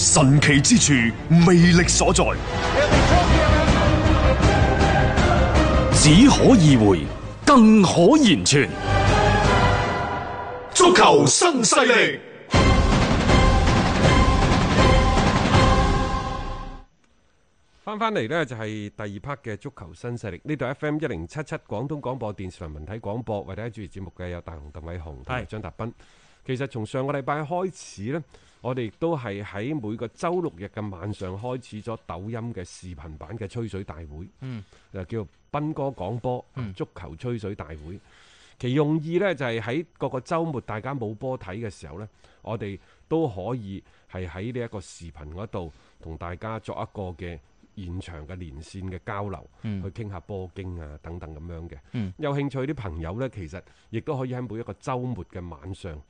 神奇之處，魅力所在，只可意會，更可言傳。足球新勢力，翻翻嚟呢，就係第二 part 嘅足球新勢力。呢度 F M 一零七七廣東廣播電視台文體廣播為大家主持節目嘅有大雄鄧偉雄同埋張達斌。其實從上個禮拜開始呢，我哋都係喺每個周六日嘅晚上開始咗抖音嘅視頻版嘅吹水大會，嗯，就叫斌哥講波，足球吹水大會。嗯、其用意呢，就係、是、喺各個周末大家冇波睇嘅時候呢，我哋都可以係喺呢一個視頻嗰度同大家作一個嘅現場嘅連線嘅交流，去傾下波經啊等等咁樣嘅，嗯嗯、有興趣啲朋友呢，其實亦都可以喺每一個周末嘅晚上。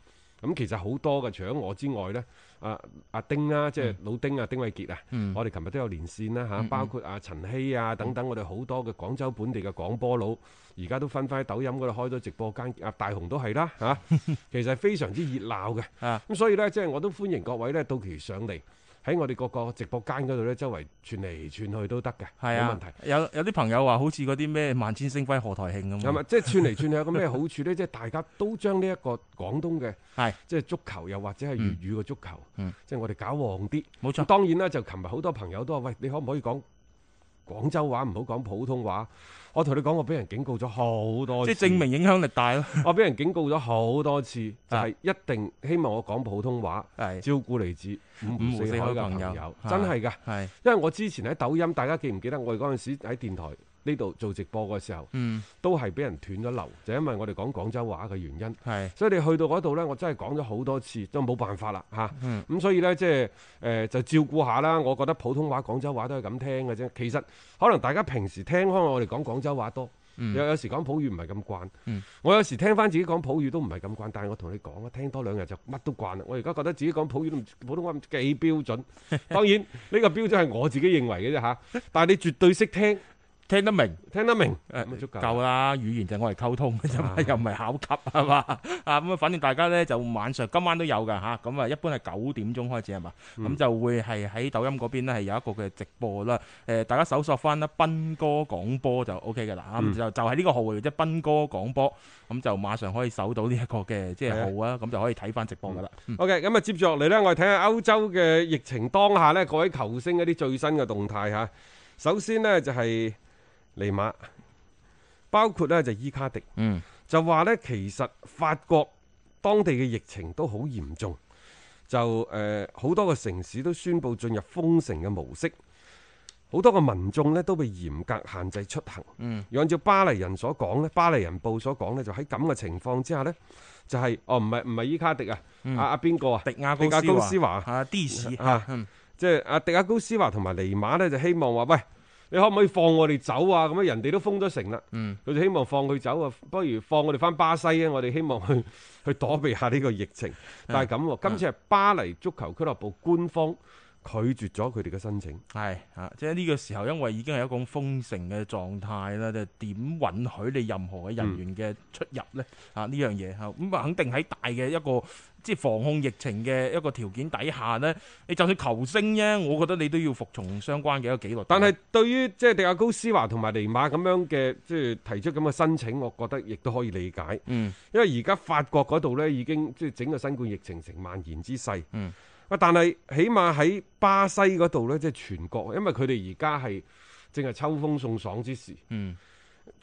咁其實好多嘅，除咗我之外咧，阿、啊、阿、啊、丁啦、啊，即、就、係、是、老丁啊，丁偉傑啊，嗯、我哋琴日都有連線啦、啊、嚇、啊，包括阿、啊、陳希啊等等，我哋好多嘅廣州本地嘅廣播佬，而家都分返喺抖音嗰度開咗直播間，阿、啊、大雄都係啦嚇，其實係非常之熱鬧嘅。咁 所以咧，即係我都歡迎各位咧到期上嚟。喺我哋個個直播間嗰度咧，周圍串嚟串去都得嘅，係啊，冇問題。有有啲朋友話好似嗰啲咩萬千星輝賀台慶咁啊，即係、就是、串嚟串去有咩好處咧？即係 大家都將呢一個廣東嘅係即係足球，又或者係粵語嘅足球，即係我哋搞旺啲。冇錯、嗯，當然啦，就琴日好多朋友都話：喂，你可唔可以講？廣州話，唔好講普通話，我同你講，我俾人警告咗好多次，即係證明影響力大咯。 我俾人警告咗好多次，就係、是、一定希望我講普通話， 照顧嚟自五湖四海嘅朋友，真係噶。因為我之前喺抖音，大家記唔記得我哋嗰陣時喺電台？呢度做直播嘅時候，嗯、都係俾人斷咗流，就係、因為我哋講廣州話嘅原因。係是所以你去到嗰度呢，我真係講咗好多次，都冇辦法啦嚇。咁、啊嗯嗯、所以呢，即係誒就照顧下啦。我覺得普通話、廣州話都係咁聽嘅啫。其實可能大家平時聽開我哋講廣州話多，有有時講普語唔係咁慣。嗯、我有時聽返自己講普語都唔係咁慣，但係、嗯、我同你講啊，聽多兩日就乜都慣啦。我而家覺得自己講普語都普通話幾標準。當然呢 個標準係我自己認為嘅啫嚇，但係你絕對識聽，聽。聽得明，聽得明，誒，咪足夠啦。語言就係我嚟溝通，又唔係考級，係嘛？啊，咁啊，反正大家咧就晚上今晚都有嘅嚇，咁啊，一般係九點鐘開始係嘛？咁就會係喺抖音嗰邊咧係有一個嘅直播啦。誒，大家搜索翻啦，斌哥講波就 OK 嘅啦。咁就就係呢個號，即係斌哥講波，咁就馬上可以搜到呢一個嘅即係號啊，咁就可以睇翻直播嘅啦。OK，咁啊，接住落嚟咧，我哋睇下歐洲嘅疫情當下咧，各位球星一啲最新嘅動態嚇。首先咧就係。尼馬，包括咧就伊卡迪，就話咧其實法國當地嘅疫情都好嚴重，就誒好、呃、多個城市都宣布進入封城嘅模式，好多個民眾咧都被嚴格限制出行。嗯，按照巴黎人所講咧，《巴黎人報》所所講呢就喺咁嘅情況之下呢就係、是、哦唔係唔係伊卡迪啊，阿阿邊個啊？迪亞高斯華啊？迪士啊？即係阿迪亞高斯華同埋尼馬呢，就希望話喂。你可唔可以放我哋走啊？咁啊，人哋都封咗城啦，佢、嗯、就希望放佢走啊。不如放我哋返巴西啊！我哋希望去去躲避下呢個疫情。但係咁，嗯、今次係巴黎足球俱樂部官方。拒絕咗佢哋嘅申請，係啊，即係呢個時候，因為已經係一種封城嘅狀態啦，就點允許你任何嘅人員嘅出入呢？嗯、啊，呢樣嘢，咁、嗯、啊，肯定喺大嘅一個即係防控疫情嘅一個條件底下呢，你就算球星啫，我覺得你都要服從相關嘅一個紀律。但係對於即係迪亞高斯華同埋尼馬咁樣嘅即係提出咁嘅申請，我覺得亦都可以理解。嗯，因為而家法國嗰度呢，已經即係整個新冠疫情成蔓延之勢。嗯。嗯。但係起碼喺巴西嗰度呢，即係全國，因為佢哋而家係正係秋風送爽之時。嗯，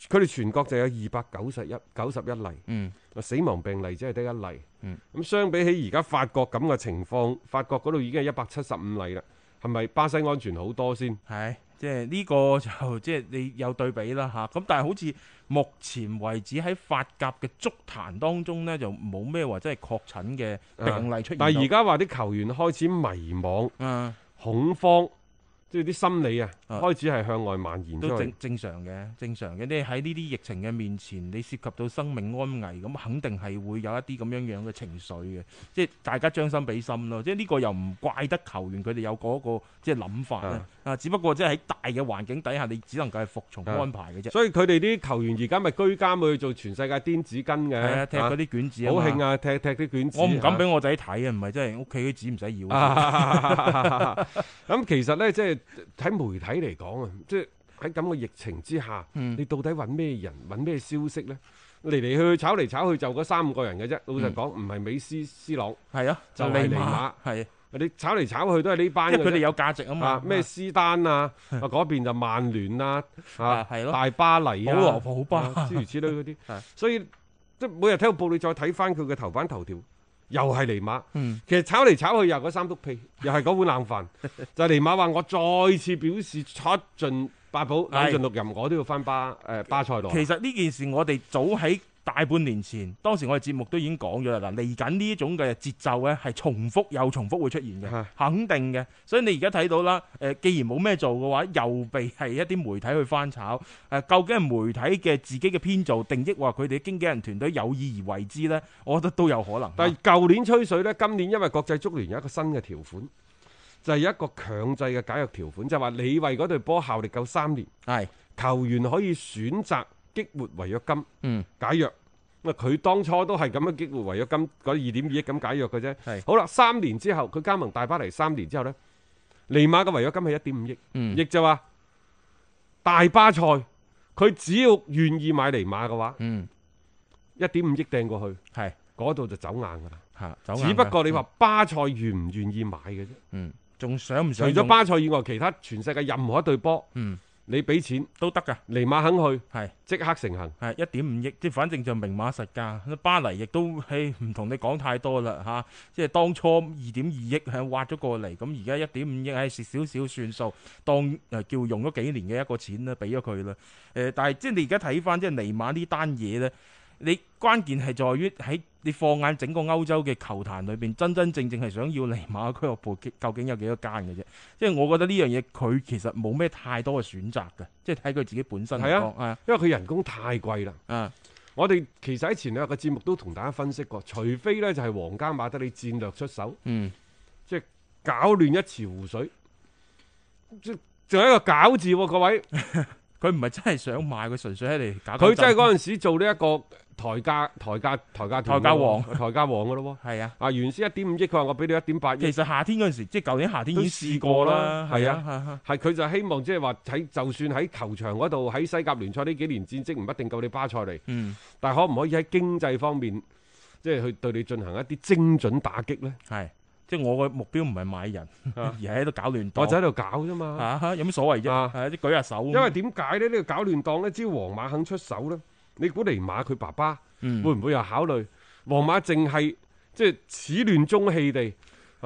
佢哋全國就有二百九十一九十一例。嗯，死亡病例只係得一例。嗯，咁相比起而家法國咁嘅情況，法國嗰度已經係一百七十五例啦。係咪巴西安全好多先？係。即係呢個就即係你有對比啦吓，咁但係好似目前為止喺法甲嘅足壇當中呢，就冇咩話真係確診嘅病例出現。嗯、但係而家話啲球員開始迷茫、嗯、恐慌，即係啲心理啊。開始係向外蔓延，都正正常嘅，正常嘅。你喺呢啲疫情嘅面前，你涉及到生命安危，咁肯定係會有一啲咁樣樣嘅情緒嘅。即係大家將心比心咯。即係呢個又唔怪得球員佢哋有嗰個即係諗法啊。只不過即係喺大嘅環境底下，你只能夠係服從安排嘅啫。所以佢哋啲球員而家咪居家去做全世界癲紙巾嘅，踢嗰啲卷紙，好興啊！踢踢啲卷紙。我唔敢俾我仔睇啊，唔係真係屋企啲紙唔使要。咁其實咧，即係睇媒體。睇嚟講啊，即係喺咁個疫情之下，嗯、你到底揾咩人、揾咩消息咧？嚟嚟去去炒嚟炒去就嗰三五個人嘅啫。老實講，唔係、嗯、美斯、C 朗係啊，的就尼，尼馬係。的你炒嚟炒去都係呢班，即佢哋有價值啊嘛。咩、啊、斯丹啊，啊嗰邊就曼聯啊，係、啊、咯，大巴黎啊，普羅普巴諸如此類嗰啲。 所以即係每日睇個報，你再睇翻佢嘅頭版頭條。又係尼馬，其實炒嚟炒去又嗰三篤屁，又係嗰碗冷飯。 就尼馬話我再次表示出盡八寶兩盡六任，我都要翻巴誒、呃、巴塞度。其實呢件事我哋早喺，大半年前，當時我哋節目都已經講咗啦。嚟緊呢種嘅節奏咧，係重複又重複會出現嘅，肯定嘅。所以你而家睇到啦，既然冇咩做嘅話，又被係一啲媒體去翻炒。究竟係媒體嘅自己嘅編造、定義，話佢哋經紀人團隊有意而為之呢？我覺得都有可能。但係舊年吹水呢，今年因為國際足聯有一個新嘅條款，就係有一個強制嘅解約條款，就係話你為嗰隊波效力夠三年，係球員可以選擇。激活違約金，嗯，解約，咁佢當初都係咁樣激活違約金，嗰二點二億咁解約嘅啫。係是，好啦，三年之後佢加盟大巴黎，三年之後咧，尼馬嘅違約金係一點五億，嗯，亦就話大巴塞，佢只要願意買尼馬嘅話，嗯，一點五億掟過去，係是，嗰度就走硬噶啦，吓，走只不過你話巴塞願唔願意買嘅啫，嗯，仲想唔想買？除咗巴塞以外，其他全世界任何一隊波，嗯。嗯你俾錢都得噶，尼馬肯去係即是刻成行，係一點五億，即係反正就明碼實價。巴黎亦都，唉，唔同你講太多啦吓、啊，即係當初二點二億係挖咗過嚟，咁而家一點五億，唉，蝕少少算數，當誒叫用咗幾年嘅一個錢啦，俾咗佢啦。誒，但係即係你而家睇翻即係尼馬呢單嘢咧，你關鍵係在於喺。你放眼整個歐洲嘅球壇裏邊，真真正正係想要尼馬俱樂部，究竟有幾多間嘅啫？即係我覺得呢樣嘢，佢其實冇咩太多嘅選擇嘅，即係睇佢自己本身。係啊，因為佢人工太貴啦。啊！我哋其實喺前兩日嘅節目都同大家分析過，除非咧就係皇家馬德里戰略出手，嗯，即係搞亂一池湖水，即仲有一個搞字喎，各位。 佢唔係真係想買，佢純粹喺度搞，搞。佢真係嗰陣時做呢一個抬價、抬價、抬價、抬價王、抬價王噶咯。係啊，啊原先一點五億，佢話我俾你一點八億。其實夏天嗰陣時，即係舊年夏天已經試過啦。係啊，係佢、啊、 就希望即係話喺，就算喺球場嗰度喺西甲聯賽呢幾年戰績唔一定夠你巴塞嚟。嗯，但係可唔可以喺經濟方面，即係去對你進行一啲精準打擊咧？係。我嘅目標唔係買人，而係喺度搞亂檔，啊，我就喺度搞啫嘛，吓、啊、有咩所謂啫？係啲、啊、舉下手。因為點解咧？呢、這個搞亂檔咧，只要皇馬肯出手咧，你估尼馬佢爸爸會唔會有考慮？皇馬淨係即係始亂終棄地。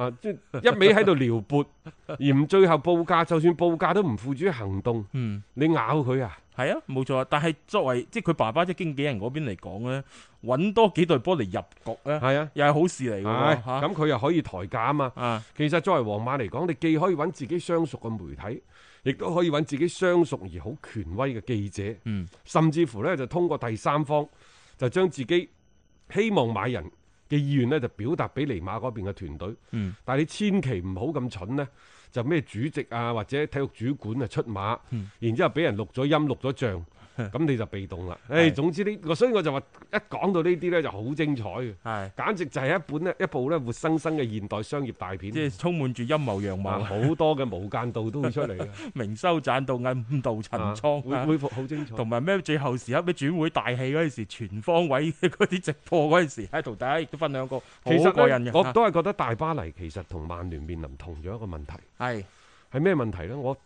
啊！即一味喺度撩撥，而唔最後報價，就算報價都唔付諸行動。嗯，你咬佢啊？係啊，冇錯啊。但係作為即係佢爸爸即係經紀人嗰邊嚟講咧，搵多幾隊波嚟入局咧，係啊，又係好事嚟嘅。咁佢又可以抬價啊嘛。啊，其實作為皇馬嚟講，你既可以搵自己相熟嘅媒體，亦都可以搵自己相熟而好權威嘅記者。嗯，甚至乎咧就通過第三方就將自己希望買人。嘅意願咧就表達俾尼馬嗰邊嘅團隊，嗯、但係你千祈唔好咁蠢咧，就咩主席啊或者體育主管啊出馬，嗯、然之後俾人錄咗音錄咗像。咁你就被動啦。誒、哎，是總之呢，所以我就話一講到呢啲咧，就好精彩嘅，係是，簡直就係一本咧，一部咧活生生嘅現代商業大片，即係充滿住陰謀陽謀，好、啊、多嘅無間道都會出嚟嘅， 明修棧道，暗度陳倉啊，會會好精彩。同埋咩最後時刻咩轉會大戲嗰陣時，全方位嗰啲直播嗰陣時，係同大家亦都分享過，好過癮嘅。我都係覺得大巴黎其實同曼聯面臨同樣一個問題，係係咩問題咧？我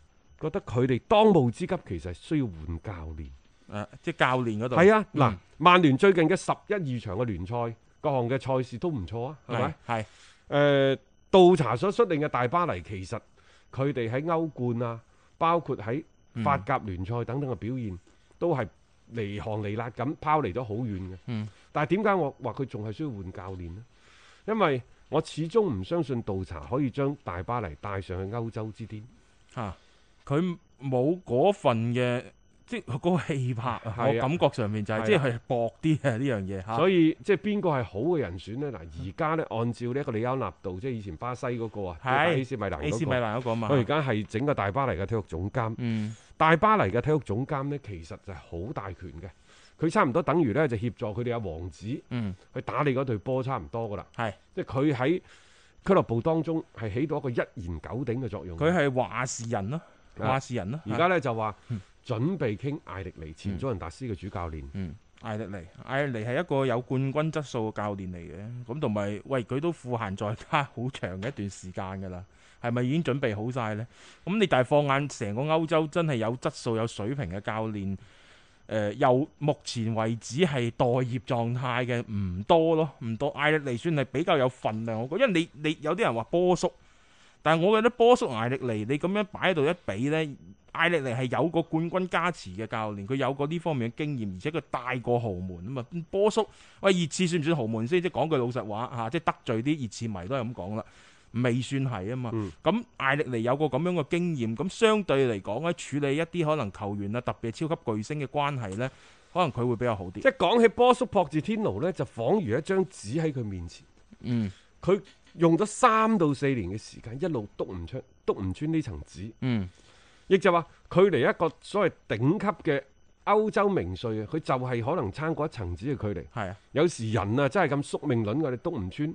覺得佢哋當務之急其實係需要換教練。誒、啊，即係教練嗰度係啊，嗱、嗯，曼聯最近嘅十一二場嘅聯賽，各項嘅賽事都唔錯啊，係咪？係誒，杜查所率領嘅大巴黎，其實佢哋喺歐冠啊，包括喺法甲聯賽等等嘅表現，都係離行離辣咁，拋離咗好遠嘅。嗯。離離嗯但係點解我話佢仲係需要換教練咧？因為我始終唔相信杜查可以將大巴黎帶上去歐洲之巔。吓、啊，佢冇嗰份嘅。即係嗰個氣魄、啊、我感覺上面就係即係薄啲嘅呢樣嘢嚇，所以即係邊個係好嘅人選咧？嗱，而家咧按照呢一個李歐納度，即係以前巴西嗰、那個啊是是，A.C. 米蘭嗰、那個，佢而家係整個大巴黎嘅體育總監。嗯，大巴黎嘅體育總監咧，其實就係好大權嘅。佢差唔多等於咧就協助佢哋阿王子，嗯，去打你嗰隊波差唔多噶啦。係是，即係佢喺俱樂部當中係起到一個一言九鼎嘅作用。佢係話事人咯，話事人咯。而家咧就話、嗯。準備傾艾力尼，前祖雲達斯嘅主教練。嗯，艾力尼，艾力尼係一個有冠軍質素嘅教練嚟嘅，咁同埋喂，佢都賦閒在家好長嘅一段時間㗎喇，係咪已經準備好晒呢？咁你大放眼成個歐洲，真係有質素、有水平嘅教練，誒、呃，又目前為止係待業狀態嘅唔多咯，唔多。艾力尼算係比較有份量，我覺得，你你有啲人話波叔，但係我覺得波叔艾力尼，你咁樣擺喺度一比呢，艾力尼係有過冠軍加持嘅教練，佢有過呢方面嘅經驗，而且佢帶過豪門啊嘛。波叔，喂熱刺算唔算豪門先？即係講句老實話嚇、啊，即係得罪啲熱刺迷都係咁講啦，未算係啊嘛。咁、嗯嗯、艾力尼有過咁樣嘅經驗，咁相對嚟講喺處理一啲可能球員啊，特別係超級巨星嘅關係呢，可能佢會比較好啲。即係講起波叔博治天奴呢，就彷如一張紙喺佢面前。嗯，佢用咗三到四年嘅時間，一路督唔出，篤唔穿呢層紙。嗯。嗯。亦就話，佢離一個所謂頂級嘅歐洲名帥啊，佢就係可能差嗰一層紙嘅距離。係啊的，有時人啊真係咁宿命論嘅，你督唔穿，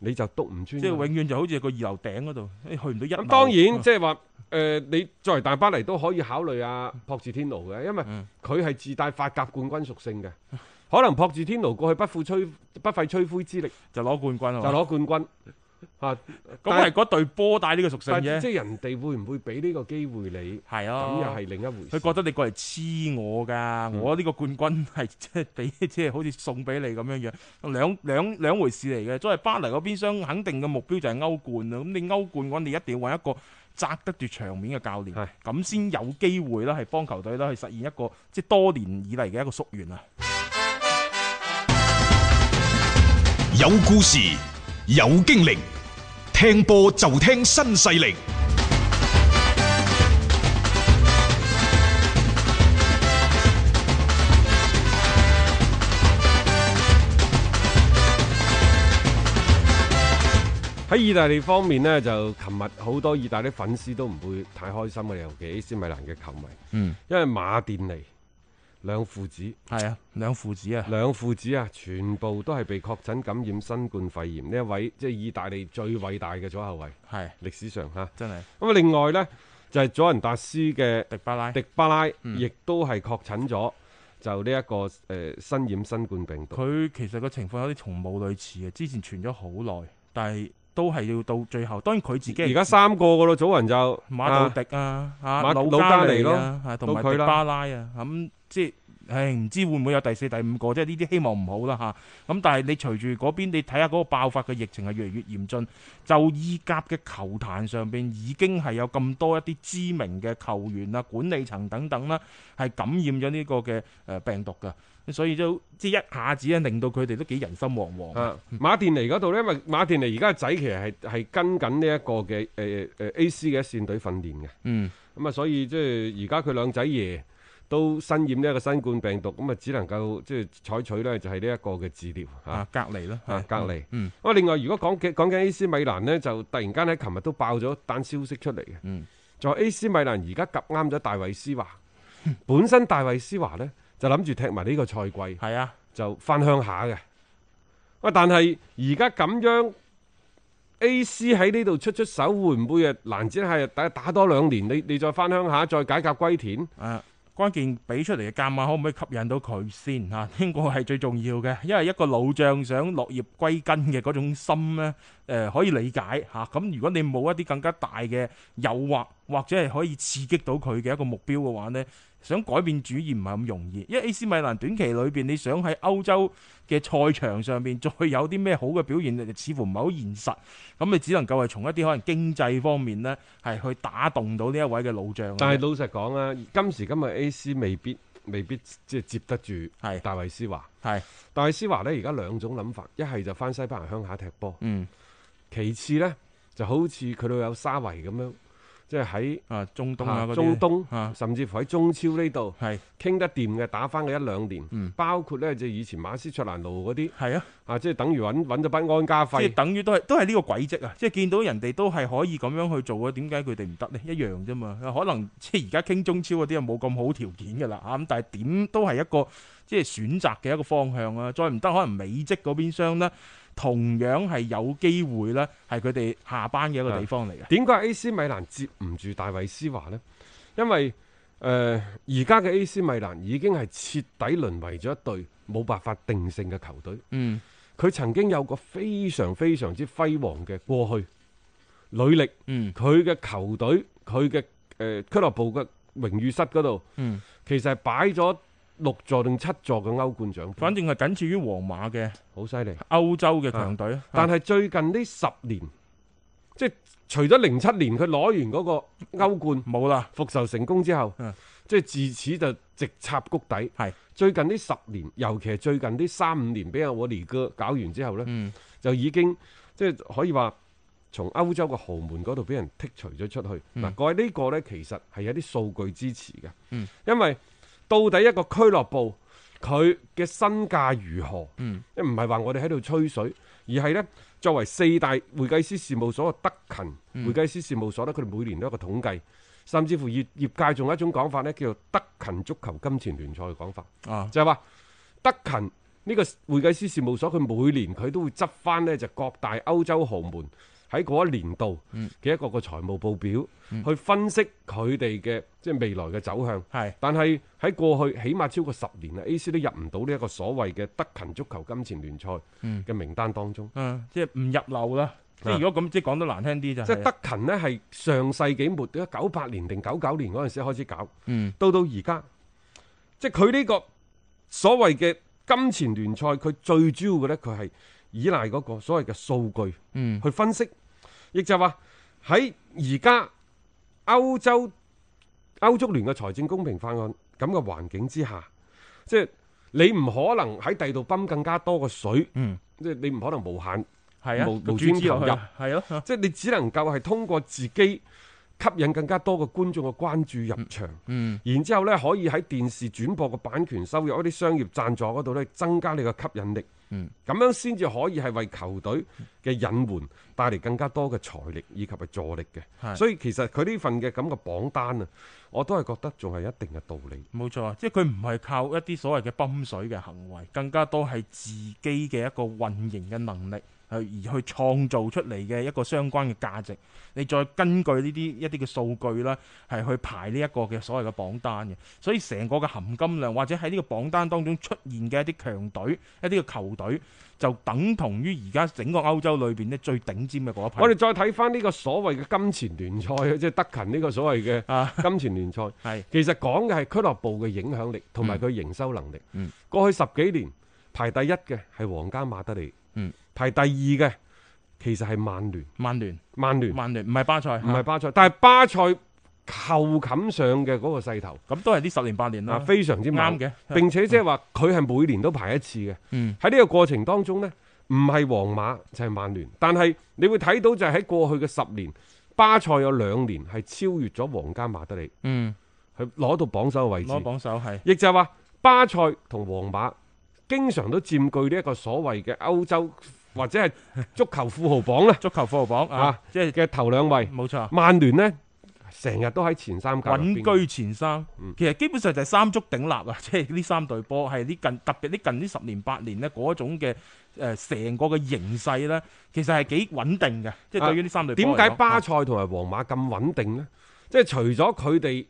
你就督唔穿。即係永遠就好似個二樓頂嗰度，你、哎、去唔到一。當然，即係話，誒、呃，你作為大巴黎都可以考慮啊。朴字天奴嘅，因為佢係自帶法甲冠軍屬性嘅，嗯、可能朴字天奴過去不費吹不費吹灰之力就攞冠軍就攞冠軍。吧啊！咁係嗰隊波帶呢個屬性啫，即係人哋會唔會俾呢個機會你？係啊、哦，咁又係另一回事。佢覺得你過嚟黐我噶，嗯、我呢個冠軍係即係俾即係好似送俾你咁樣樣，兩兩兩回事嚟嘅。作為巴黎嗰邊，相肯定嘅目標就係歐冠啊。咁你歐冠，我你，你一定要搵一個揸得住場面嘅教練，咁先是有機會啦，係幫球隊啦，去實現一個即係、就是、多年以嚟嘅一個夙願啊！有故事。有精靈，聽波就聽新勢力。喺意大利方面呢，就琴日好多意大利粉絲都唔會太開心嘅，尤其係米蘭嘅球迷，嗯，因為馬甸尼。兩父子係啊，兩父子啊，兩父子啊，全部都係被確診感染新冠肺炎，呢一位即係意大利最偉大嘅左後衛係歷史上吓真係咁啊！另外咧，就係祖雲達斯嘅迪巴拉，迪巴拉亦都係確診咗就呢一個誒，新染新冠病毒。佢其實個情況有啲同冇類似嘅，之前傳咗好耐，但係都係要到最後。當然佢自己而家三個噶咯，祖雲就馬杜迪啊，魯加尼咯，同埋迪巴拉啊咁。即係，唔知會唔會有第四、第五個？即係呢啲希望唔好啦嚇。咁、啊、但係你隨住嗰邊，你睇下嗰個爆發嘅疫情係越嚟越嚴峻，就意甲嘅球壇上邊已經係有咁多一啲知名嘅球員啊、管理層等等啦，係感染咗呢個嘅誒病毒㗎。所以都即係一下子咧，令到佢哋都幾人心惶惶。啊、馬甸尼嗰度咧，因為馬甸尼而家仔其實係係跟緊呢一個嘅誒誒 A C 嘅一線隊訓練嘅。嗯。咁啊，所以即係而家佢兩仔爺。都身染呢一個新冠病毒，咁啊，只能夠即係採取咧，就係呢一個嘅治療嚇隔離咯嚇隔離。嗯，咁另外如果講講緊 AC 米蘭呢，就突然間喺琴日都爆咗單消息出嚟嘅。嗯，就 AC 米蘭而家夾啱咗大衛斯華，本身大衛斯華咧就諗住踢埋呢個賽季，係啊，就翻鄉下嘅。喂，但係而家咁樣 AC 喺呢度出出手，會唔會啊難接下？等打多兩年，你你再翻鄉下再解甲歸田？啊！關鍵俾出嚟嘅價碼可唔可以吸引到佢先？嚇，呢個係最重要嘅，因為一個老將想落葉歸根嘅嗰種心呢，誒、呃、可以理解嚇。咁、啊、如果你冇一啲更加大嘅誘惑，或者係可以刺激到佢嘅一個目標嘅話呢。想改變主意唔係咁容易，因為 AC 米蘭短期裏邊，你想喺歐洲嘅賽場上面再有啲咩好嘅表現，似乎唔係好現實。咁你只能夠係從一啲可能經濟方面呢，係去打動到呢一位嘅老將。但係老實講啊，今時今日 AC 未必未必即係接得住大衛斯華。係大衛斯華呢，而家兩種諗法，一係就翻西班牙鄉下踢波。嗯，其次呢，就好似佢老友沙維咁樣。即係喺啊，中東啊，中東，甚至乎喺中超呢度傾得掂嘅，打翻佢一兩年，嗯、包括咧就以前馬斯卓蘭路嗰啲，係啊，啊即係等於揾揾咗班安家費，即係等於都係都係呢個軌跡啊！即係見到人哋都係可以咁樣去做啊，點解佢哋唔得呢？一樣啫嘛，可能即係而家傾中超嗰啲又冇咁好條件㗎啦啊！咁但係點都係一個即係選擇嘅一個方向啊！再唔得可能美職嗰邊商呢。同樣係有機會呢，係佢哋下班嘅一個地方嚟嘅。點解 AC 米蘭接唔住大衛斯華呢？因為誒，而家嘅 AC 米蘭已經係徹底淪為咗一隊冇辦法定勝嘅球隊。嗯，佢曾經有個非常非常之輝煌嘅過去履歷。嗯，佢嘅球隊，佢嘅誒俱樂部嘅榮譽室嗰度，嗯，其實係擺咗。六座定七座嘅歐冠獎杯，反正係僅次於皇馬嘅，好犀利，歐洲嘅強隊啦。是但係最近呢十年，即、就、係、是、除咗零七年佢攞完嗰個歐冠冇啦，復仇、啊、成功之後，即係是自此就直插谷底。係是最近呢十年，尤其係最近呢三五年，俾阿沃尼哥搞完之後呢，嗯、就已經即係、就是、可以話從歐洲嘅豪門嗰度俾人剔除咗出去。嗱、嗯，各位呢個呢其實係有啲數據支持嘅，因為。到底一個俱樂部佢嘅身價如何？嗯，唔係話我哋喺度吹水，而係呢，作為四大會計師事務所嘅德勤，嗯、會計師事務所呢，佢哋每年都有一個統計，甚至乎業業界仲有一種講法呢，叫做德勤足球金錢聯賽嘅講法。啊，就係話德勤呢個會計師事務所佢每年佢都會執翻呢就各大歐洲豪門。喺嗰一年度嘅一個個財務報表，去分析佢哋嘅即係未來嘅走向。但係喺過去起碼超過十年啦，A. C. 都入唔到呢一個所謂嘅德勤足球金錢聯賽嘅名單當中，即係唔入流啦。即係如果咁，即係講得難聽啲就係，即係德勤咧係上世紀末，九八年定九九年嗰陣時開始搞，到到而家，即係佢呢個所謂嘅金錢聯賽，佢最主要嘅咧，佢係依賴嗰個所謂嘅數據去分析。亦就係話，喺而家歐洲歐足聯嘅財政公平法案咁嘅環境之下，即係你唔可能喺第度泵更加多嘅水，即係、嗯、你唔可能無限、啊、無無端端投入，係咯，即係、啊啊、你只能夠係通過自己。吸引更加多嘅觀眾嘅關注入場，嗯嗯、然之後咧可以喺電視轉播嘅版權收入、一啲商業贊助嗰度咧增加你嘅吸引力，咁、嗯、樣先至可以係為球隊嘅隱瞞帶嚟更加多嘅財力以及嘅助力嘅。是所以其實佢呢份嘅咁嘅榜單啊，我都係覺得仲係一定嘅道理。冇錯，即係佢唔係靠一啲所謂嘅泵水嘅行為，更加多係自己嘅一個運營嘅能力。係而去創造出嚟嘅一個相關嘅價值，你再根據呢啲一啲嘅數據啦，係去排呢一個嘅所謂嘅榜單嘅。所以成個嘅含金量，或者喺呢個榜單當中出現嘅一啲強隊、一啲嘅球隊，就等同於而家整個歐洲裏邊呢最頂尖嘅嗰一批。我哋再睇返呢個所謂嘅金錢聯賽，即、就、係、是、德勤呢個所謂嘅金錢聯賽，係、啊、 是其實講嘅係俱樂部嘅影響力同埋佢營收能力。嗯嗯、過去十幾年排第一嘅係皇家馬德里。嗯，排第二嘅其實係曼聯，曼聯，曼聯，曼聯唔係巴塞，唔係巴塞，但係巴塞後冚上嘅嗰個勢頭，咁都係呢十年八年啦，非常之啱嘅。嗯、並且即係話佢係每年都排一次嘅。嗯，喺呢個過程當中呢，唔係皇馬就係、是、曼聯，但係你會睇到就係喺過去嘅十年，巴塞有兩年係超越咗皇家馬德里，嗯，係攞到榜首嘅位置，攞榜首係，亦、嗯、就係話巴塞同皇馬。經常都佔據呢一個所謂嘅歐洲或者係足球富豪榜咧，足球富豪榜啊，即係嘅頭兩位。冇錯，曼聯咧成日都喺前三甲，穩居前三。其實基本上就係三足鼎立啊，即係呢三隊波係呢近特別呢近呢十年八年咧嗰一種嘅誒成個嘅形勢咧，其實係幾穩定嘅。即係對於呢三隊波點解巴塞同埋皇馬咁穩定咧？即係除咗佢哋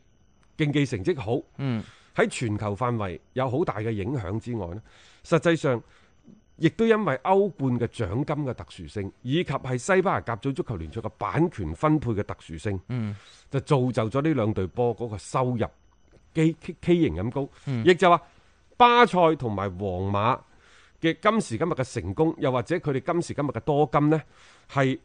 競技成績好，嗯，喺全球範圍有好大嘅影響之外咧？實際上，亦都因為歐冠嘅獎金嘅特殊性，以及係西班牙甲組足球聯賽嘅版權分配嘅特殊性，嗯、就造就咗呢兩隊波嗰個收入畸、畸形咁高。亦、嗯、就話巴塞同埋皇馬嘅今時今日嘅成功，又或者佢哋今時今日嘅多金呢係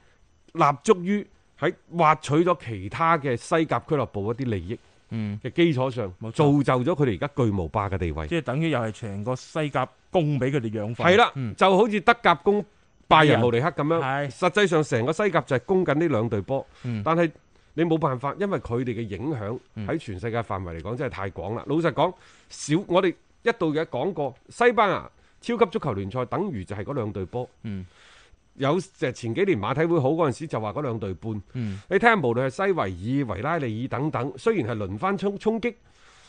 立足於喺挖取咗其他嘅西甲俱樂部一啲利益嗯嘅基礎上，造就咗佢哋而家巨無霸嘅地位。即係等於又係成個西甲供俾佢哋養分。係啦，就好似德甲攻拜仁慕尼黑咁樣。係，實際上成個西甲就係供緊呢兩隊波。嗯，但係你冇辦法，因為佢哋嘅影響喺全世界範圍嚟講真係太廣啦。老實講，小我哋一度嘅講過西班牙超級足球聯賽，等於就係嗰兩隊波。嗯。有就係前幾年馬體會好嗰陣時就話嗰兩隊半，嗯、你睇下無論係西維爾、維拉利爾等等，雖然係輪番衝衝擊，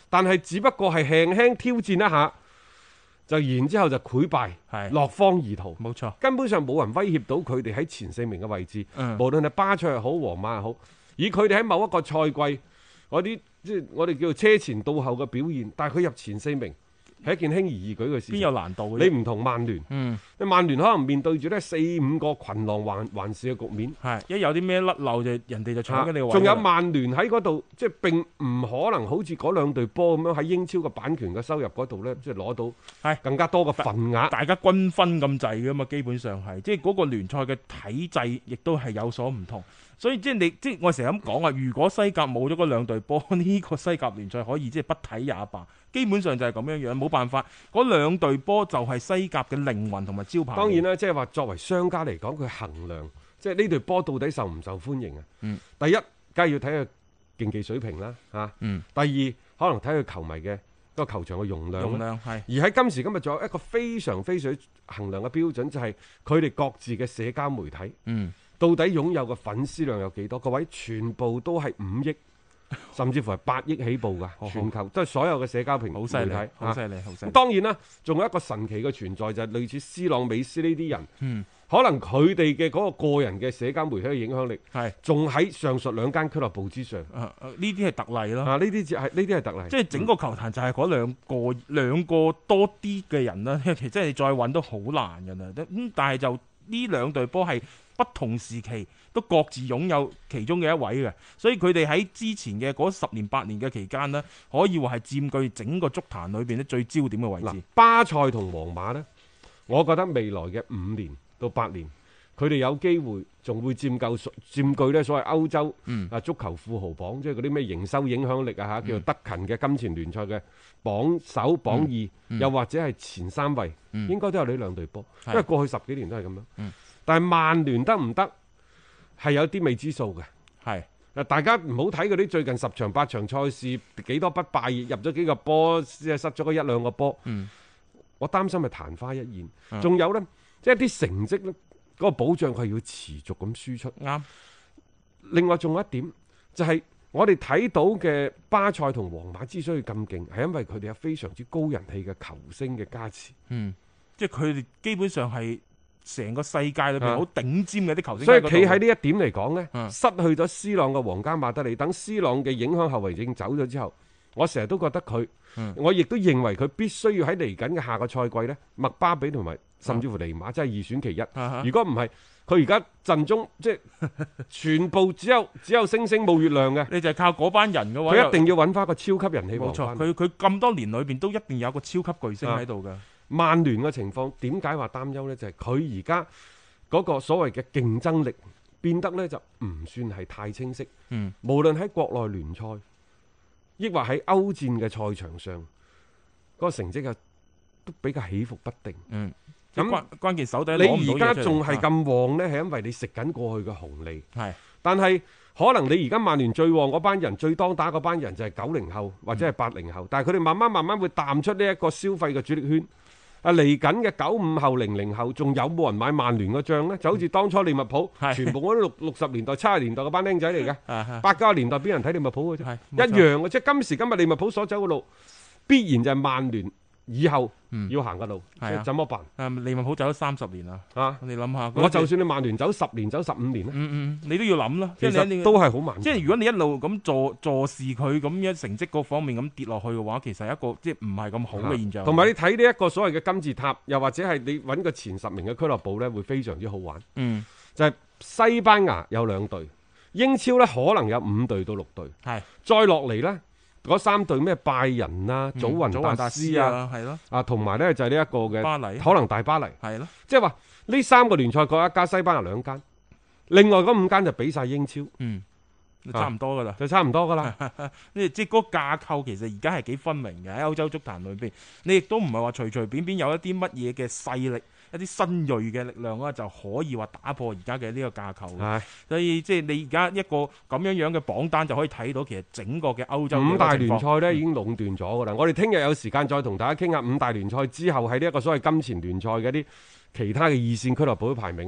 但係只不過係輕輕挑戰一下，就然之後就潰敗的落荒而逃。冇錯，根本上冇人威脅到佢哋喺前四名嘅位置。嗯、無論係巴塞又好、皇馬又好，以佢哋喺某一個賽季嗰啲即係我哋叫做車前到後嘅表現，帶佢入前四名。係一件輕而易舉嘅事，邊有難度？你唔同曼聯，嗯、你曼聯可能面對住呢四五個群狼環環視嘅局面，係一有啲咩甩漏人就人哋就搶嘅。你話仲有曼聯喺嗰度，即係並唔可能好似嗰兩隊波咁樣喺英超嘅版權嘅收入嗰度呢，即係攞到係更加多嘅份額。大家均分咁滯嘅嘛，基本上係即係嗰個聯賽嘅體制亦都係有所唔同。所以即係你即係我成日咁講啊！如果西甲冇咗嗰兩隊波，呢個西甲聯賽可以即係不睇也罷。基本上就係咁樣樣，冇辦法。嗰兩隊波就係西甲嘅靈魂同埋招牌。當然啦，即係話作為商家嚟講，佢衡量即係呢隊波到底受唔受歡迎啊？嗯。第一，梗係要睇佢競技水平啦，嚇、啊。嗯。第二，可能睇佢球迷嘅、嗰個球場嘅容量。容量係。而喺今時今日，仲有一個非常非常衡量嘅標準，就係佢哋各自嘅社交媒體。嗯。到底擁有嘅粉絲量有幾多？各位全部都係五億，甚至乎係八億起步嘅 全球，即係所有嘅社交平台、啊。好犀利！好犀利！好犀利！咁當然啦，仲有一個神奇嘅存在就係、是、類似斯朗美斯呢啲人，嗯，可能佢哋嘅嗰個個人嘅社交媒體嘅影響力係仲喺上述兩間俱樂部之上。呢啲係特例咯。啊！呢啲係呢啲係特例。即係整個球壇就係嗰兩個、嗯、兩個多啲嘅人啦。 其實真係再揾都好難㗎啦。但係就呢兩隊波係。不同時期都各自擁有其中嘅一位嘅，所以佢哋喺之前嘅十年八年嘅期間呢，可以話係佔據整個足壇裏邊咧最焦點嘅位置。巴塞同皇馬呢，我覺得未來嘅五年到八年，佢哋有機會仲會佔夠佔據咧所謂歐洲啊足球富豪榜，嗯、即係嗰啲咩營收影響力啊嚇，叫做德勤嘅金錢聯賽嘅榜首、榜二，嗯嗯、又或者係前三位，嗯、應該都有呢兩隊波，的因為過去十幾年都係咁樣。嗯嗯。但係曼聯得唔得？係有啲未知數嘅。係是，大家唔好睇嗰啲最近十場八場賽事幾多不敗，入咗幾個波，失咗個一兩個波。嗯，我擔心係曇花一現。仲，嗯、有呢，即係啲成績呢，嗰個保障佢係要持續咁輸出。啱、嗯。另外仲有一點，就係、是、我哋睇到嘅巴塞同皇馬之所以咁勁，係因為佢哋有非常之高人氣嘅球星嘅加持。嗯，即係佢哋基本上係。成個世界裏面好頂尖嘅啲球星，所以企喺呢一點嚟講咧，失去咗 C 朗嘅皇家馬德里，等 C 朗嘅影響後遺症走咗之後，我成日都覺得佢，我亦都認為佢必須要喺嚟緊嘅下個賽季咧，麥巴比同埋甚至乎尼馬真係二選其一。如果唔係，佢而家陣中即係全部只有只有星星冇月亮嘅，你就係靠嗰班人嘅話，佢一定要搵返個超級人氣。冇錯，佢佢咁多年裏邊都一定有個超級巨星喺度㗎。曼聯嘅情況點解話擔憂呢？就係佢而家嗰個所謂嘅競爭力變得呢就唔算係太清晰。嗯，無論喺國內聯賽，亦或喺歐戰嘅賽場上，嗰個成績又都比較起伏不定。嗯，咁關鍵手底你而家仲係咁旺呢，係因為你食緊過去嘅紅利。係，但係可能你而家曼聯最旺嗰班人、最當打嗰班人就係九零後或者係八零後，但係佢哋慢慢慢慢會淡出呢一個消費嘅主力圈。啊！嚟緊嘅九五後、零零後，仲有冇人買曼聯嘅帳咧？就好似當初利物浦， 全部嗰六六十年代、七十年代嘅班僆仔嚟嘅，八九 年代邊人睇利物浦嘅啫， 一樣嘅。 即係今時今日利物浦所走嘅路，必然就係曼聯，以後要行嘅路，即係、嗯、怎麼辦？誒，利物浦走咗三十年啦，嚇！你諗下，我、啊、就算你曼聯走十年，走十五年咧，嗯嗯你都要諗啦，其實即你都係好慢。即係如果你一路咁坐坐視佢咁樣成績各方面咁跌落去嘅話，其實一個即係唔係咁好嘅現象。同埋、啊、你睇呢一個所謂嘅金字塔，又或者係你搵個前十名嘅俱樂部咧，會非常之好玩。嗯，就係西班牙有兩隊，英超咧可能有五隊到六隊，係的再落嚟咧。嗰三隊咩拜仁啊、祖雲達斯啊，係咯、嗯，啊同埋咧就係呢一個嘅，巴黎可能大巴黎係咯，即係話呢三個聯賽各一家，西班牙兩間，另外嗰五間就比晒英超，嗯，差唔多噶啦，就差唔多噶啦， 你即係嗰架構其實而家係幾分明嘅喺歐洲足壇裏邊，你亦都唔係話隨隨便便有一啲乜嘢嘅勢力。一啲新銳嘅力量啊，就可以話打破而家嘅呢個架構。係唉，所以即係、就是、你而家一個咁樣樣嘅榜單就可以睇到，其實整個嘅歐洲五大聯賽咧已經壟斷咗㗎啦。嗯、我哋聽日有時間再同大家傾下五大聯賽之後，喺呢一個所謂金錢聯賽嘅一啲其他嘅二線俱樂部嘅排名啊。